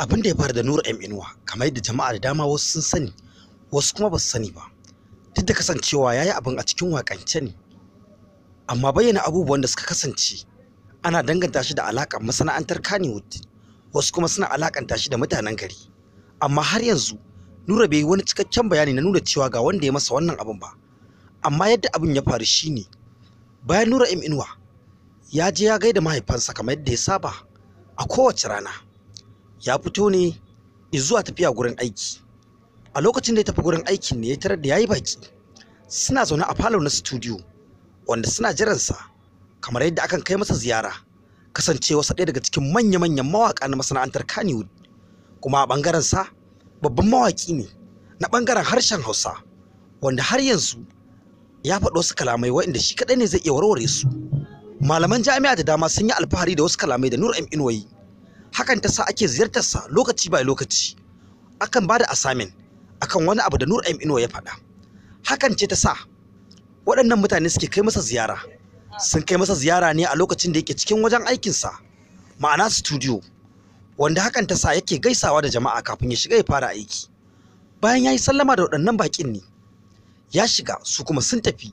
abin da ya faru da Nura M Inuwa kamar yadda jama'a da dama wasu sun sani wasu kuma ba su sani ba duk da kasancewa ya yi abin a cikin wakance ne amma bayyana abubuwan da suka kasance ana danganta shi da alaƙar masana'antar Kaniwood, wasu kuma suna alakanta shi da mutanen gari amma har yanzu Nura bai yi wani cikakken bayani na nuna cewa ga wanda ya masa wannan abin ba amma yadda abin ya faru shi ne, bayan Nura M Inuwa ya je ya gaida mahaifansa kamar yadda ya saba a kowace rana ya fito ne zuwa tafiya gurin aiki a lokacin da ya tafi gurin aikin ne ya tarar da yayi baki suna zaune a falo na studio wanda suna jiransa kamar yadda akan kai masa ziyara kasancewarsa ɗaya daga cikin manya-manyan mawaƙa na masana'antar kaniwood kuma a ɓangaren sa babban mawaƙi ne na ɓangaren harshen Hausa wanda har yanzu ya faɗi wasu kalamai waɗanda shi kaɗai ne zai iya warware su malaman jami'a da dama sun yi alfahari da wasu kalamai da Nur M Inuwayi hakan ta sa ake ziyartarsa lokaci bai lokaci akan bada assignment akan wani abu da Nur aim Inuwa ya faɗa hakan ce ta sa waɗannan mutane suke kai masa ziyara sun kai masa ziyara ne a lokacin da yake cikin wajen aikinsa ma'ana studio wanda hakan ta sa yake gaisawa da jama'a kafin ya shiga ya fara aiki bayan ya yi sallama da waɗannan baƙin ne ya shiga su kuma sun tafi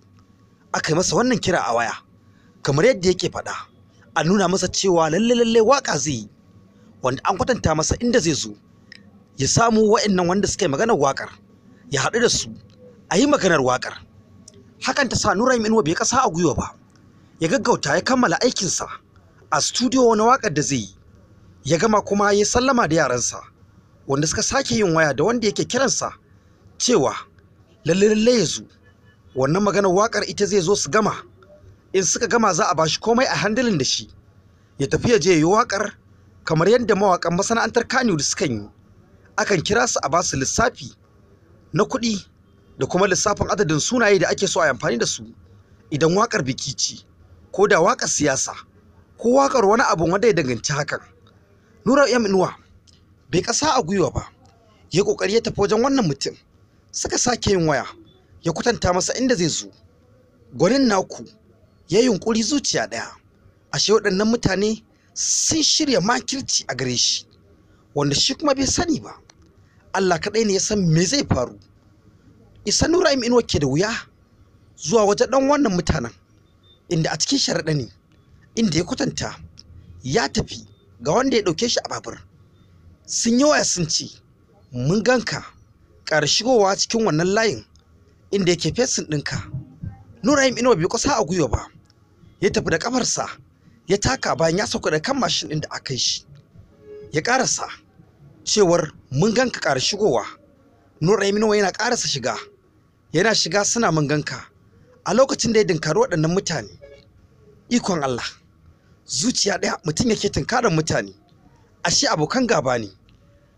aka yi masa wannan kira a waya kamar yadda yake faɗa a nuna masa cewa lalle lalle waƙa zai yi wanda an kwatanta masa inda zai zo ya samu wa'annan wanda suka yi maganar waƙar ya haɗu da su a yi maganar waƙar hakan ta sa Nura Inuwa bai kasa a gwiwa ba ya gaggauta ya kammala aikinsa a studio na waƙar da zai yi ya gama kuma ya sallama da yaransa wanda suka sake yin waya da wanda yake kiransa cewa lalle lalle ya zo wannan maganar waƙar ita zai zo su gama in suka gama za a bashi komai a handalin da shi ya tafi ya je ya yi waƙar kamar yadda mawaƙan masana'antar kanuri sukan yi akan kira su a basu lissafi na kuɗi da kuma lissafin adadin sunaye da ake so a amfani da su idan waƙar biki ce ko da waƙar siyasa ko waƙar wani abu wanda ya danganci hakan Nura M Inuwa bai kasa a gwiwa ba ya ƙoƙari ya tafi wajen wannan mutum suka sake yin waya ya kwatanta masa inda zai zo gwanin naku ya yunƙuri zuciya ɗaya ashe waɗannan mutane sun shirya makirci a gare shi wanda shi kuma bai sani ba Allah kaɗai ne ya san me zai faru isa nura inuwa ke da wuya zuwa waje ɗan wannan mutanen inda a cikin sharaɗa ne inda ya kwatanta ya tafi ga wanda ya ɗauke shi a babur sun yi waya sun ce mun ganka ƙara shigowa cikin wannan layin inda yake fesin ɗinka nura inuwa bai kusa a gwiwa ba ya tafi da ƙafarsa ya taka bayan ya sauka da kan mashin ɗin da aka yi shi ya ƙarasa cewar mun ganka ƙara shigowa nur aminu yana ƙarasa shiga yana shiga suna mun ganka a lokacin da ya dinkari waɗannan mutane ikon Allah zuciya ɗaya mutum yake tunkarar mutane ashe abokan gaba ne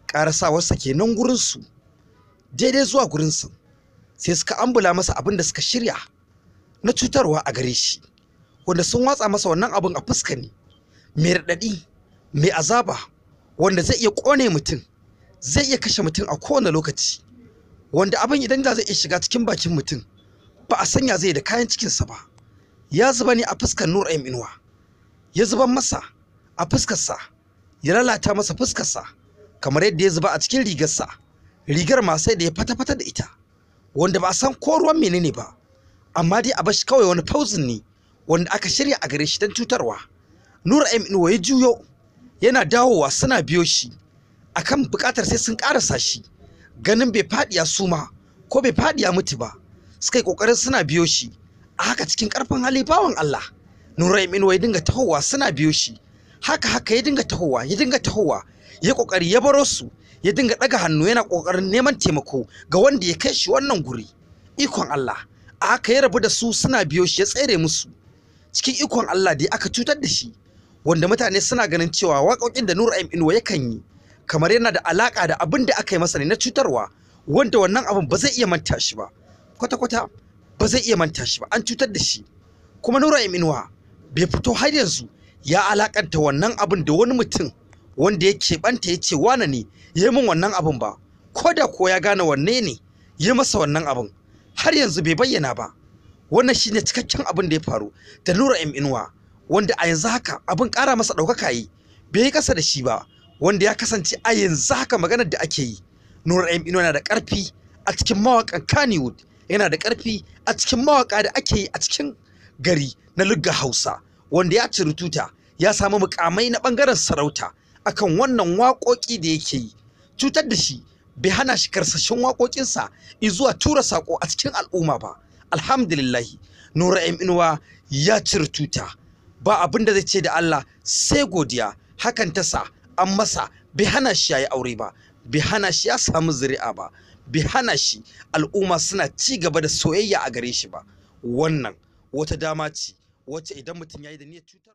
ƙarasawarsa kenan gurinsu daidai zuwa gurinsu sai suka ambula masa abin da suka shirya na cutarwa a gare shi wanda sun watsa masa wannan abun a fuska ne mai raɗaɗi mai azaba wanda zai iya kone mutum zai iya kashe mutum a kowane lokaci wanda abin idan da zai iya shiga cikin bakin mutum ba a sanya zai da kayan cikinsa ba ya zuba ne a fuskar nur ayyam inuwa ya zuba masa a fuskarsa ya lalata masa fuskarsa kamar yadda ya zuba a cikin rigarsa rigar ma sai da ya fata-fata da ita wanda ba a san ko ruwan menene ba amma dai a bashi kawai wani fauzin ne wanda aka shirya a gare shi don cutarwa nura m ya juyo yana dawowa suna biyo shi akan bukatar sai sun karasa shi ganin bai faɗiya suma ko bai faɗiya mutu ba suka yi kokarin suna biyo shi a haka cikin karfin hali bawan Allah nura m inuwa ya dinga tahowa suna biyo shi haka haka ya dinga tahowa ya dinga tahowa ya kokari ya baro su ya dinga ɗaga hannu yana kokarin neman taimako ga wanda ya kai shi wannan guri ikon Allah a haka ya rabu da su suna biyo shi ya tsere musu cikin ikon Allah da aka cutar da shi wanda mutane suna ganin cewa waƙoƙin da Nur Inuwa yakan yi kamar yana da alaƙa da abin da aka yi masa ne na cutarwa wanda wannan abin ba zai iya manta shi ba kwata-kwata ba zai iya manta shi ba an cutar da shi kuma Nur Inuwa bai fito har yanzu ya alakanta wannan abin da wani mutum wanda ya keɓanta ya ce wane ne ya yi min wannan abin ba ko da ko ya gane wanne ne ya masa wannan abin har yanzu bai bayyana ba wannan shine cikakken abin da ya faru da Nura M Inuwa wanda a yanzu haka abin ƙara masa ɗaukaka yi bai yi ƙasa da shi ba wanda ya kasance a yanzu haka maganar da ake yi Nura M Inuwa na da ƙarfi a cikin mawaƙan Kannywood yana da ƙarfi a cikin mawaƙa da ake yi a cikin gari na Lugga Hausa wanda ya ciri tuta ya samu mukamai na ɓangaren sarauta akan wannan waƙoƙi da yake yi cutar da shi bai hana shi karsashin waƙoƙinsa izuwa tura saƙo a cikin al'umma ba alhamdulillahi nura inuwa ya cire tuta ba abin da zai ce da Allah sai godiya hakan ta sa an masa bi hana shi yayi aure ba bai hana shi ya samu zuri'a ba bai hana shi al'umma suna ci gaba da soyayya a gare shi ba wannan wata dama ce wacce idan mutum yayi da niyyar cutar